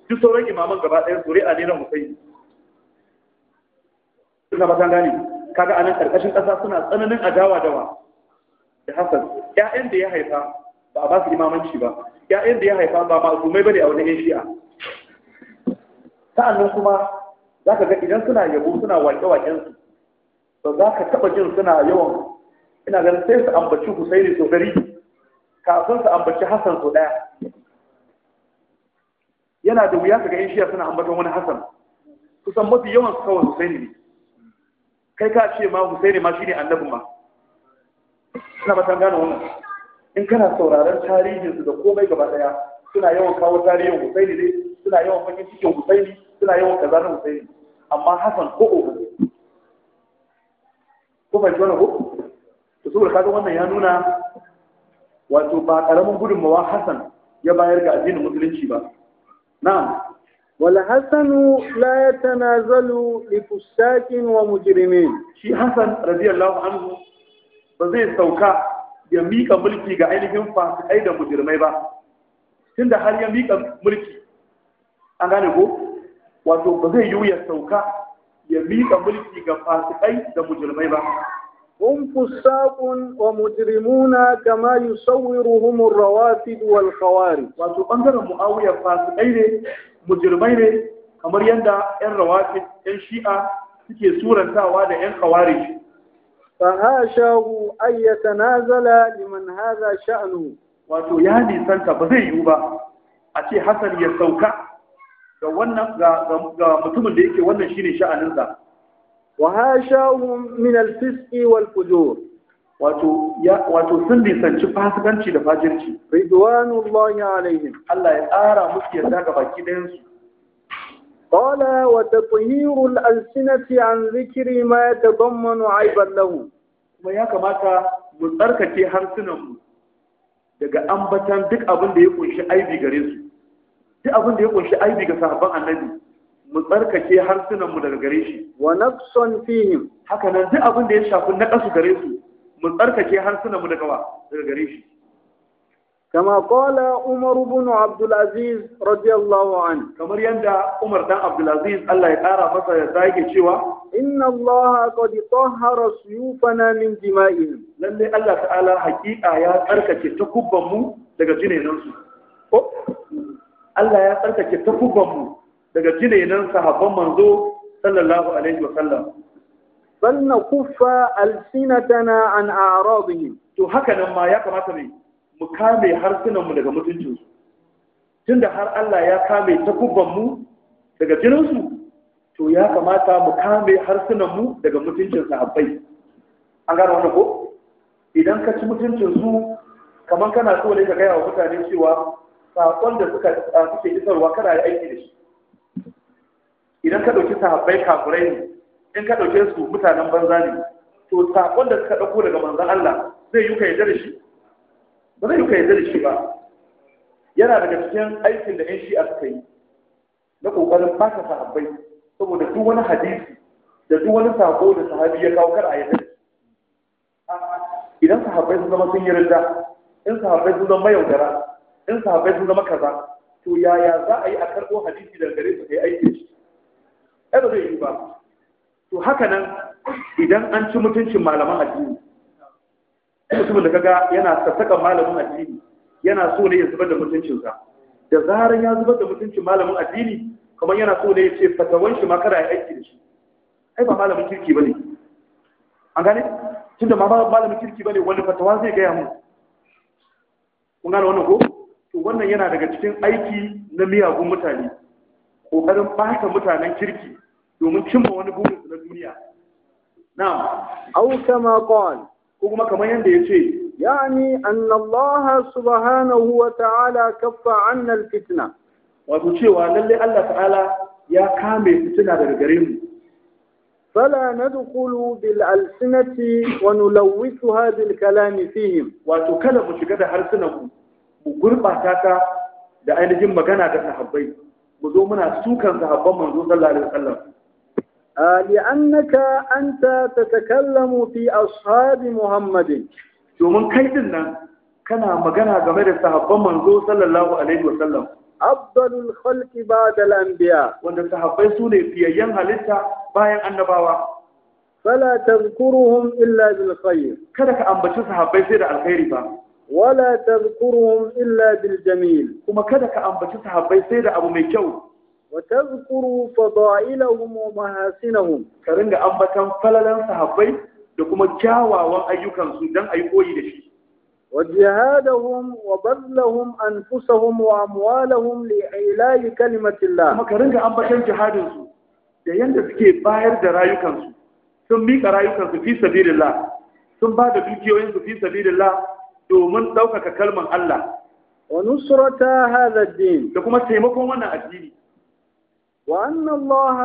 duk sauran imaman gaba ɗaya zuri'a ne na husaini suna ba gani kaga anan karkashin ƙasa suna tsananin adawa dawa da hasan ƴaƴan da ya haifa ba a ba su imamanci ba ƴaƴan da ya haifa ba ma'azumai bane a wani ƴan shi'a sa'annan kuma za ka ga idan suna yabo suna waƙe waƙensu ba za ka taɓa jin suna yawan ina ganin sai su ambaci husaini sau dari kafin su ambaci hassan sau ɗaya yana da wuya ka ga shiya suna ambaton wani hassan kusan mafi yawan su kawai husaini ne kai ka ce ma husaini ma shine annabi ma suna matan gano wannan in kana sauraron tarihinsu da komai gaba ɗaya suna yawan kawo tarihin husaini ne suna yawan bakin cikin husaini suna yawan kaza na husaini amma Hassan ko ne? ko bai wani ko to saboda kaga wannan ya nuna wato ba karamin gudunmawa Hassan ya bayar ga addinin musulunci ba na'am wal hasanu la ya yatanazalu li fusakin wa mujrimin shi hasan radiyallahu anhu ba zai sauka ya mika mulki ga ainihin fasikai da mujirmai ba tunda har ya mika mulki an gane ko wato ba zai yiwu ya sauka ya miƙa mulki ga fasikai da mujirmai ba wa هم فساق ومجرمون كما يصورهم الروافد والخوارج wato bangaren muawiya fasikai ne mujrimai ne kamar yadda yan rawafid yan shi'a suke surantawa da yan khawarij fahashahu an yatanazala liman hadha sha'nu wato ya nisanta ba zai yiwu ba a ce hasan ya sauka ga wannan ga mutumin da yake wannan shine sha'aninsa wa hashahum min al-fisqi wal fujur wato ya wato sun lisanci fasikanci da fajirci ridwanullahi alaihim Allah ya tsara musu yadda ga baki ɗayan su qala wa tathiru al-alsinati an zikri ma yatadammanu aiban lahu kuma ya kamata mu tsarkake harsunan mu daga ambatan duk abin da ya kunshi aibi gare su duk abin da ya kunshi aibi ga sahabban annabi mu tsarkake harsunanmu daga gare shi wa nafsun fihim haka nan duk abin da ya shafi na kasu gare su mu tsarkake harsunanmu daga daga gare shi kama qala umar ibn abdul aziz radiyallahu an kamar yanda umar dan abdul aziz Allah ya kara masa ya sake cewa inna allaha qad tahhara suyufana min dima'ihim lalle Allah ta'ala hakika ya tsarkake takubban mu daga jinenansu oh. Allah ya tsarkake takubanmu daga jinainan sahabban manzo sallallahu alaihi wa sallam bal na kuffa alsinatana an a'rabihim to haka nan ma ya kamata ne mu kame harsunanmu daga mutuncinsu Tun da har Allah ya kame takubanmu daga jininsu to ya kamata mu kame harsunanmu daga mutuncin sahabbai an gano wani ko idan ka ci mutuncinsu, kamar kana so ne ka gaya wa mutane cewa saƙon da suka suke isarwa kana yi aiki da shi idan ka ɗauki sahabbai kafurai ne in ka ɗauke su mutanen banza ne to saƙon da suka ɗauko daga manzan Allah zai yi ka da shi ba zai yi ka da shi ba yana daga cikin aikin da 'yan shi'a suka yi na ƙoƙarin baka sahabbai saboda duk wani hadisi da duk wani saƙo da sahabi ya kawo kar a yarda idan sahabbai sun zama sun yi rinda in sahabbai sun zama mayaudara in sahabbai sun zama kaza to yaya za a yi a karɓo hadisi daga gare su kai aiki shi ai ba zai yi ba to haka nan idan an ci mutuncin malaman addini mutumin da kaga yana sassaƙan malamin addini yana so ne ya zubar da mutuncinsa da zarar ya zubar da mutuncin malamin addini kamar yana so ne ya ce fatawan shi ma kada ya aiki da shi ai ba malamin kirki bane an gane tunda ma malamin kirki bane wani fatawa zai gaya mu kun gane wannan ko to wannan yana daga cikin aiki na miyagun mutane ƙoƙarin ɓata mutanen kirki domin cimma wani burinsu na duniya na'am au kama qal ko kuma kamar yanda yace yani annallaha Allah subhanahu wa ta'ala kaffa 'anna al-fitna wato cewa lalle Allah ta'ala ya kame fitina daga gare mu fala nadkhulu bil alsinati wa nulawwithuha bil kalami fihim wato kada mu shiga da harsunan mu gurɓata ta da ainihin magana da sahabbai mu zo muna sukan sahabban manzo sallallahu alaihi wasallam لأنك أنت تتكلم في أصحاب Muhammadin. domin kai din nan kana magana game da sahabban manzo sallallahu alaihi wasallam afdalul khalqi ba'da al-anbiya wanda sahabbai su ne fiyayyen halitta bayan annabawa fala tadhkuruhum illa bil khair kada ka ambaci sahabbai sai da alkhairi ba wala tadhkuruhum illa bil jamil kuma kada ka ambaci sahabbai sai da abu mai kyau wa tadhkuru fadailahum wa mahasinahum ka ringa ambatan falalan sahabbai da kuma kyawawan ayyukansu dan ayi koyi da shi وجهادهم وبذلهم أنفسهم وأموالهم لإعلاء كلمة الله ما كرنجا أم بشان جهادهم سو da yadda suke bayar da rayukansu sun miƙa rayukansu fi sabilillah sun ba da dukiyoyinsu fi sabilillah domin ɗaukaka kalman Allah wa nusrata ta ad-din da kuma taimakon wannan addini wa anna Allah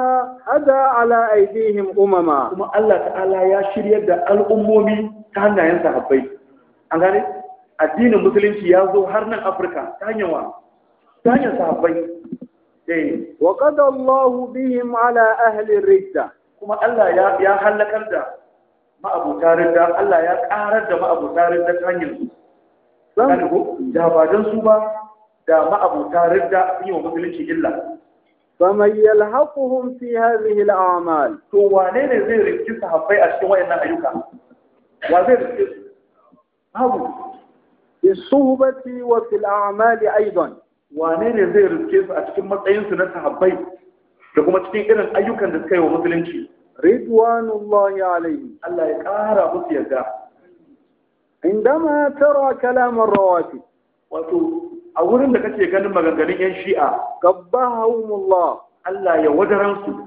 hada ala aydihim umama kuma Allah ta'ala ya shiryar da al'ummomi ta hannayen sahabbai an gane addinin musulunci ya zo har nan Afirka ta hanyar wa ta hanyar sahabbai eh. wa qada Allah bihim ala ahli ridda kuma Allah ya ya halakar da ma'abuta ridda Allah ya karar da ma'abuta ridda ta hanyar su ko da ba dan su ba da ma'abuta ridda sun yi wa musulunci illa faman yalhaquhum fi hadhihi al'amal to wane ne zai rikici sahabbai a cikin wayannan ayyuka wa zai rikici su babu fi suhbati wa fil a'mal aidan wane ne zai rikici su a cikin matsayin su na sahabbai da kuma cikin irin ayyukan da suka yi wa musulunci ridwanullahi alaihi Allah ya ƙara musu yadda. yarda indama tara kalamar rawati wato a wurin da kake ganin maganganun yan shi'a gabbahumullah Allah ya wadaran su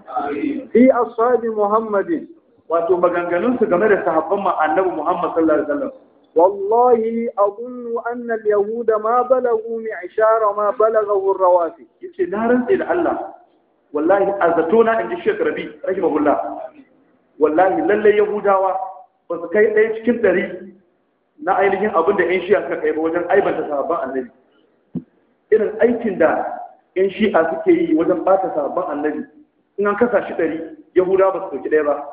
fi ashabi muhammadin wato maganganun su game da sahabban annabi muhammad sallallahu alaihi wasallam والله أظن أن اليهود ما بلغوا معشار ما بلغه الروافد. يقول لا رنسي الله wallahi a zatona in ji shek rabi rashi magulla wallahi lallai yahudawa ba su kai ɗaya cikin ɗari na ainihin abin da 'yan shi'a suka kai ba wajen aibanta sahabban annabi irin aikin da 'yan shi'a suke yi wajen ɓata sahabban annabi in an kasa shi ɗari yahudawa ba su ɗauki ɗaya ba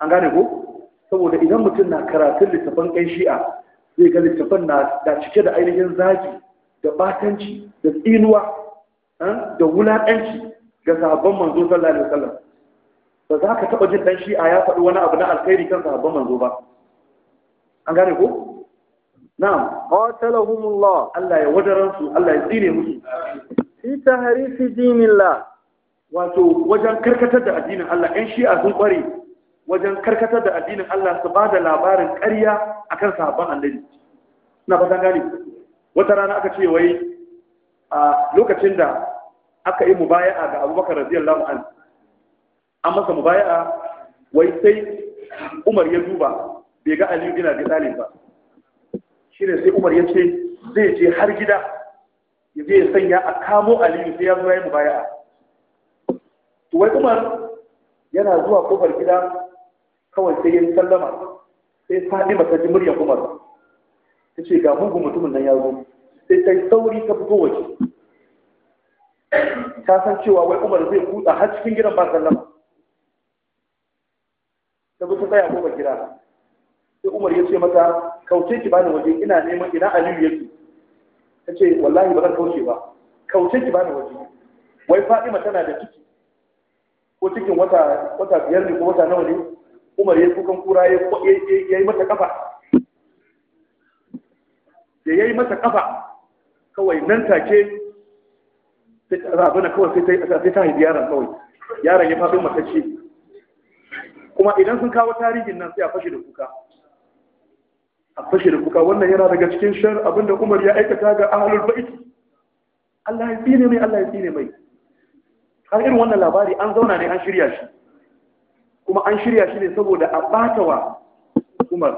an gane ko saboda idan mutum na karatun littafan 'yan shi'a zai ga littafan na cike da ainihin zagi da batanci da tsinuwa Eh, da wulaƙanci ga sahabban manzo sallallahu alaihi wasallam ba za ka taɓa jin ɗan shi'a ya faɗi wani abu na alkhairi kan sahabban manzo ba an gane ko na'am qatalahumullah Allah ya wadaran su Allah ya tsire musu fi tahrifi dinillah wato wajen karkatar da addinin Allah ɗan shi'a sun ƙware wajen karkatar da addinin Allah su ba da labarin ƙarya akan sahabban annabi na ta gane wata rana aka ce wai a lokacin da aka yi mubaya'a ga abubakar radiyallahu an an masa mubaya'a wai sai umar ya duba bai ga aliyu gina da tsalin ba shi ne sai umar ya ce zai je har gida ya zai sanya a kamo aliyu sai ya zo ya yi mubaya'a to wai umar yana zuwa kofar gida kawai sai ya yi sallama sai fadima ta ji muryar umar ta ce ga mugun mutumin nan ya zo sai yi sauri ka fito waje ka san cewa wai umar zai kutsa har cikin gidan ba sallan ta zo tsaya ko ba kira sai umar ya ce mata kauce ki bani waje ina neman ina aliyu yake ta ce wallahi ba zan kauce ba kauce ki bani waje wai fadima tana da ciki ko cikin wata wata biyar ne ko wata nawa ne umar ya kukan kura ya yi mata kafa da ya yi mata kafa kawai nan take rabu kawai sai ta haifi yaron kawai yaron ya faɗo matacce kuma idan sun kawo tarihin nan sai a fashe da kuka a fashe da kuka wannan yana daga cikin shar abinda umar ya aikata ga ahalul bait Allah ya tsine mai Allah ya tsine mai har irin wannan labari an zauna ne an shirya shi kuma an shirya shi ne saboda a batawa umar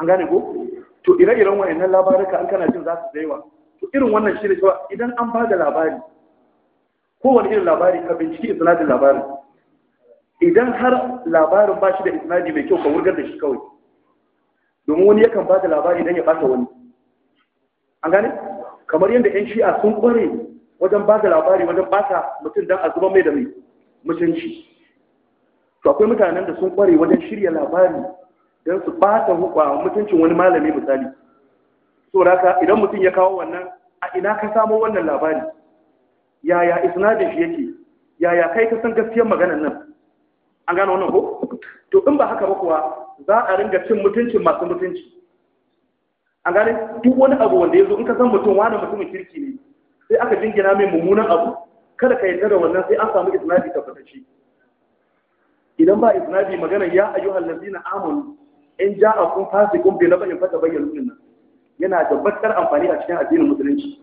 an gane ko to ire-iren wayannan labaruka an kana jin za su daiwa to irin wannan shi ne cewa idan an ba da labari kowane irin labari ka binciki isnadin labarin idan har labarin ba shi da isnadi mai kyau ka wurgar da shi kawai domin wani yakan ba da labari don ya ɓata wani an gane kamar yadda 'yan shi'a sun kware wajen ba da labari wajen ɓata mutum don a zuba mai da mai mutunci to akwai mutanen da sun kware wajen shirya labari don su ɓata mutuncin wani malami misali so haka idan mutum ya kawo wannan a ina ka samo wannan labari yaya isnadin shi yake yaya kai ka san gaskiyar maganar nan an gano wannan ko to in ba haka ba kuwa za a ringa cin mutuncin masu mutunci an gane duk wani abu wanda ya zo in ka san mutum wani mutumin kirki ne sai aka jingina mai mummunan abu kada ka yarda da wannan sai an samu isnadi tabbatacce idan ba isnadi maganar ya ayyuhal ladina amanu in ja a kun fasi kun bi na bayin fata bayyana nan yana da bakkar amfani a cikin addinin musulunci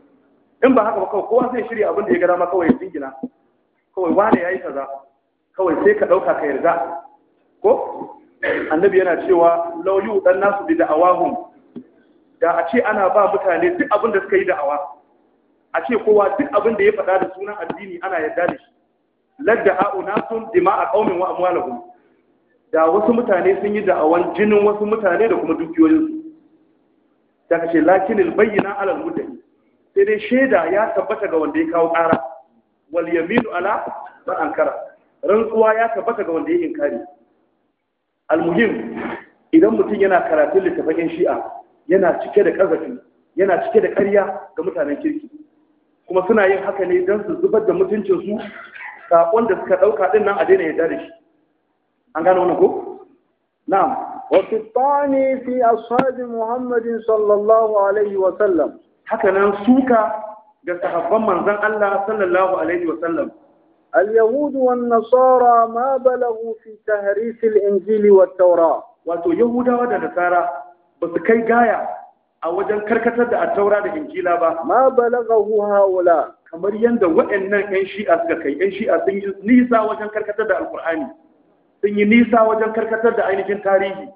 in ba haka ba kawai kowa zai shirya abin da ya ga dama kawai ya jingina kawai wane yayi kaza kawai sai ka dauka ka yarda ko annabi yana cewa lawyu dan nasu bi da'awahum da a ce ana ba mutane duk abin da suka yi da'awa a ce kowa duk abin da ya faɗa da sunan addini ana yarda da shi ladda ha'u dima dima'a qaumin wa amwalahum da wasu mutane sun yi da'awan jinin wasu mutane da kuma dukiyoyinsu da kashe lakinin bayyana alal mutane sai dai shaida ya tabbata ga wanda ya kawo ƙara wal yaminu ala an kara rantsuwa ya tabbata ga wanda ya inkari almuhim idan mutum yana karatun littafin shi'a yana cike da kazafi yana cike da karya ga mutanen kirki kuma suna yin haka ne don su zubar da mutuncinsu saƙon da suka ɗauka ɗin nan a daina yarda da shi an gano wani ko na'am wa fitani fi ashabi muhammadin sallallahu alaihi wa haka nan suka ga sahabban manzon Allah sallallahu alaihi wa sallam اليهود والنصارى ما بلغوا في تهريس والتوراة wato Yahudawa da Nasara ba su kai gaya a wajen karkatar da Attaura da Injila ba. Ma balagahu haula kamar yadda waɗannan ƴan shi'a suka kai 'yan shi'a sun yi nisa wajen karkatar da Alƙur'ani. sun yi nisa wajen karkatar da ainihin tarihi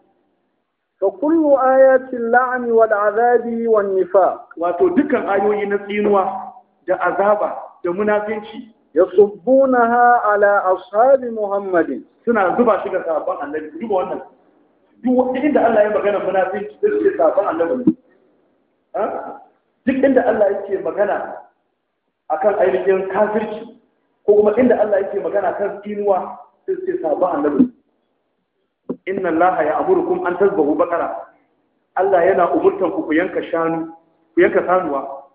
fa kullu ayatin la'ani wal azabi wan nifaq wato dukkan ayoyi na tsinuwa da azaba da munafinci yasubbunaha ala ashabi muhammadin suna zuba shi ga sahabban annabi duba wannan duk inda Allah ya magana munafinci sai ce sahabban annabi duk inda Allah yake magana akan ainihin kafirci ko kuma inda Allah yake magana kan tsinuwa sai su ce annabi inna allaha ya amurukum an bakara Allah yana umurtan ku ku yanka shanu ku yanka sanuwa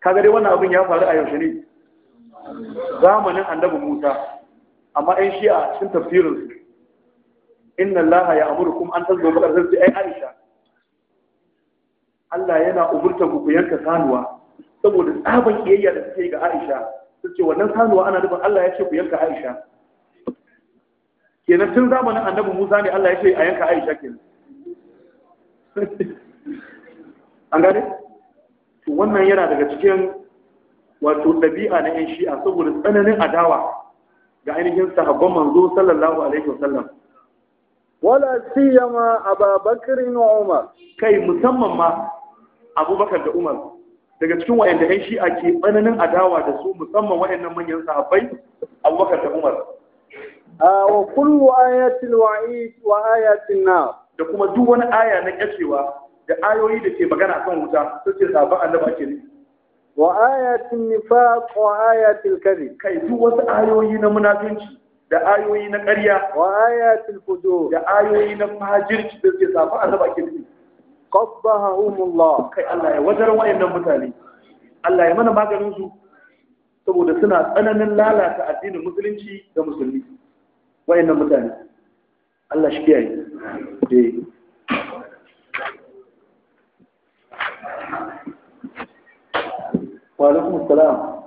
kaga dai wannan abin ya faru a yaushe ne zamanin annabi Musa amma ɗan shi'a sun tafsirin inna allaha ya amurukum an bakara sai ai Aisha Allah yana umurtan ku ku yanka sanuwa saboda tsaban kiyayya da suke ga Aisha suke wannan sanuwa ana nufin Allah ya ce ku yanka Aisha kenan tun zamanin annabi Musa ne Allah ya ce a yanka Aisha kenan an gane to wannan yana daga cikin wato ɗabi'a na 'yan shi'a saboda tsananin adawa ga ainihin sahabban manzo sallallahu alaihi wasallam wala siyama ababakar wa umar kai musamman ma abubakar da umar daga cikin wayanda ɗan shi'a ke tsananin adawa da su musamman wayannan manyan sahabbai abubakar da umar wa kullu ayatin wa'id wa ayatin na da kuma duk wani aya na kacewa da ayoyi da ke magana kan wuta sun ce sahabban annabi ke ne wa ayatin nifaq wa ayatil kadhib kai duk wasu ayoyi na munafinci da ayoyi na ƙarya wa ayatil fujur da ayoyi na fajirci da ke sahabban annabi ke ne umullah kai Allah ya wajar wayannan mutane Allah ya mana maganin su saboda suna tsananin lalata addinin musulunci da musulmi wayannan mutane Allah shi kiyaye de eh. wa alaikum assalam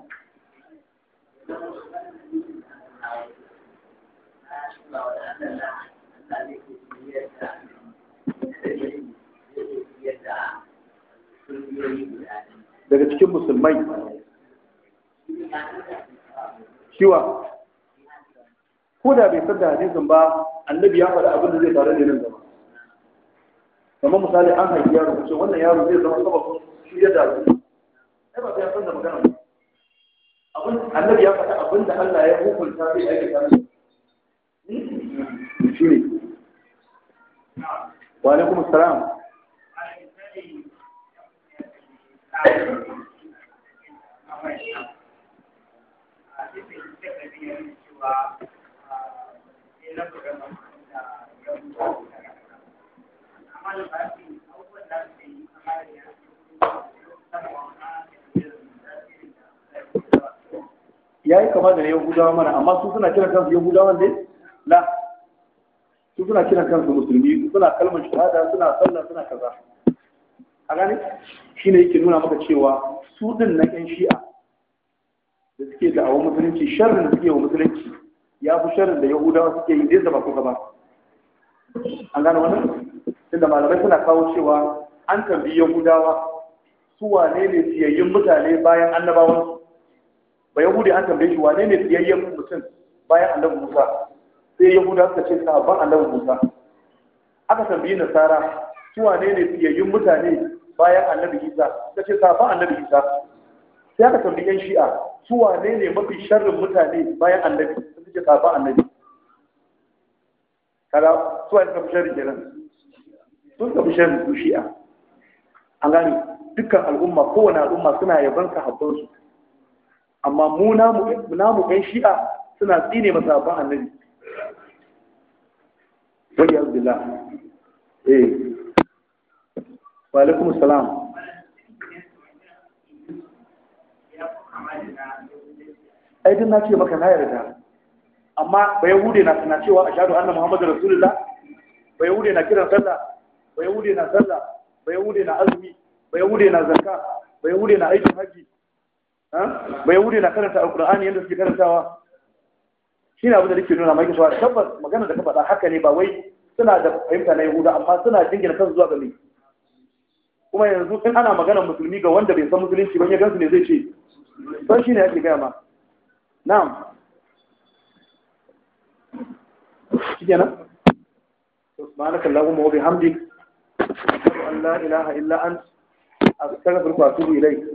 daga cikin musulmai cewa ko da bai san da hadisin ba annabi ya faɗi abin da zai faru da nan gaba kamar misali an haifi yaro ko wannan yaro zai zama sabon shi ya da ai ba sai san da magana abin annabi ya faɗi abin da Allah ya hukunta sai ake samu hmm? shi ne wa alaikum assalam ya yi kama da na yahudawa mana amma su suna kiran kansu yahudawan ne? la su suna kiran kansu musulmi suna kalmar shahada suna sallah suna kaza a gane shi ne yake nuna maka cewa su din na ƴan shi'a da suke da awon musulunci sharrin da suke wa musulunci ya fi sharrin da yahudawa suke yi zai zaba ko gaba an gane wannan tunda malamai suna kawo cewa an tambayi yahudawa su wane ne siyayyun mutane bayan annabawan ba yahudi an tambaye shi wane ne siyayyen mutum bayan annabi musa sai yahudawa suka ce sahabban annabi musa aka tambayi nasara su wane ne siyayyun mutane bayan annabi isa ta ce safa annabi isa sai aka tambi yan shi'a su wane ne mafi sharrin mutane bayan annabi ta ce safa annabi Kada su wane mafi sharrin kenan sun tafi sharrin su shi'a an gani dukkan al'umma kowane al'umma suna yaban sahabbansu amma mu namu yan shi'a suna tsine masa sahabban annabi wajen billah eh wa alaikum salam ai na ce maka na yarda amma ba yahude na tana cewa ashhadu anna muhammadu rasulullah ba yahude na kiran sallah ba yahude na sallah ba yahude na azumi ba yahude na zakka ba yahude na aikin haji ba yahude na karanta al alqur'ani yadda suke karantawa shi ne abin da nake nuna maka cewa tabbas magana da ka faɗa haka ne ba wai suna da fahimta na yahuda amma suna jingina kansu zuwa ga mai kuma yanzu in ana maganar musulmi ga wanda bai san musulunci ba ya gansu ne zai ce don shi ne ake gaya ma na'am shi kenan subhanaka allahumma wa bihamdik ashhadu an la ilaha illa anta astaghfiruka wa atubu ilayk